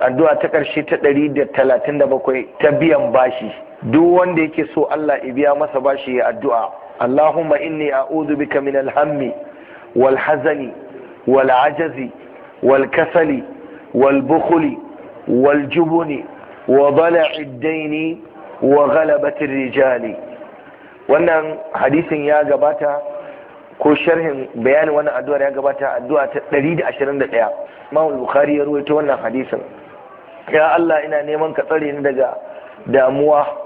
addu'a ta ƙarshe ta ɗari da talatin da bakwai ta biyan bashi duk wanda yake so Allah ya biya masa bashi ya addu'a Allahumma inni a'udhu bika min alhammi wal hazani wal ajazi wal kasali wal bukhli wal jubuni wa dala'i daini wa ghalabati rijali wannan hadisin ya gabata ko sharhin bayanin wannan addu'ar ya gabata addu'a ta ɗari ashirin 121 Imam bukari ya ruwaito wannan hadisin ya Allah ina neman ka tsare ni daga damuwa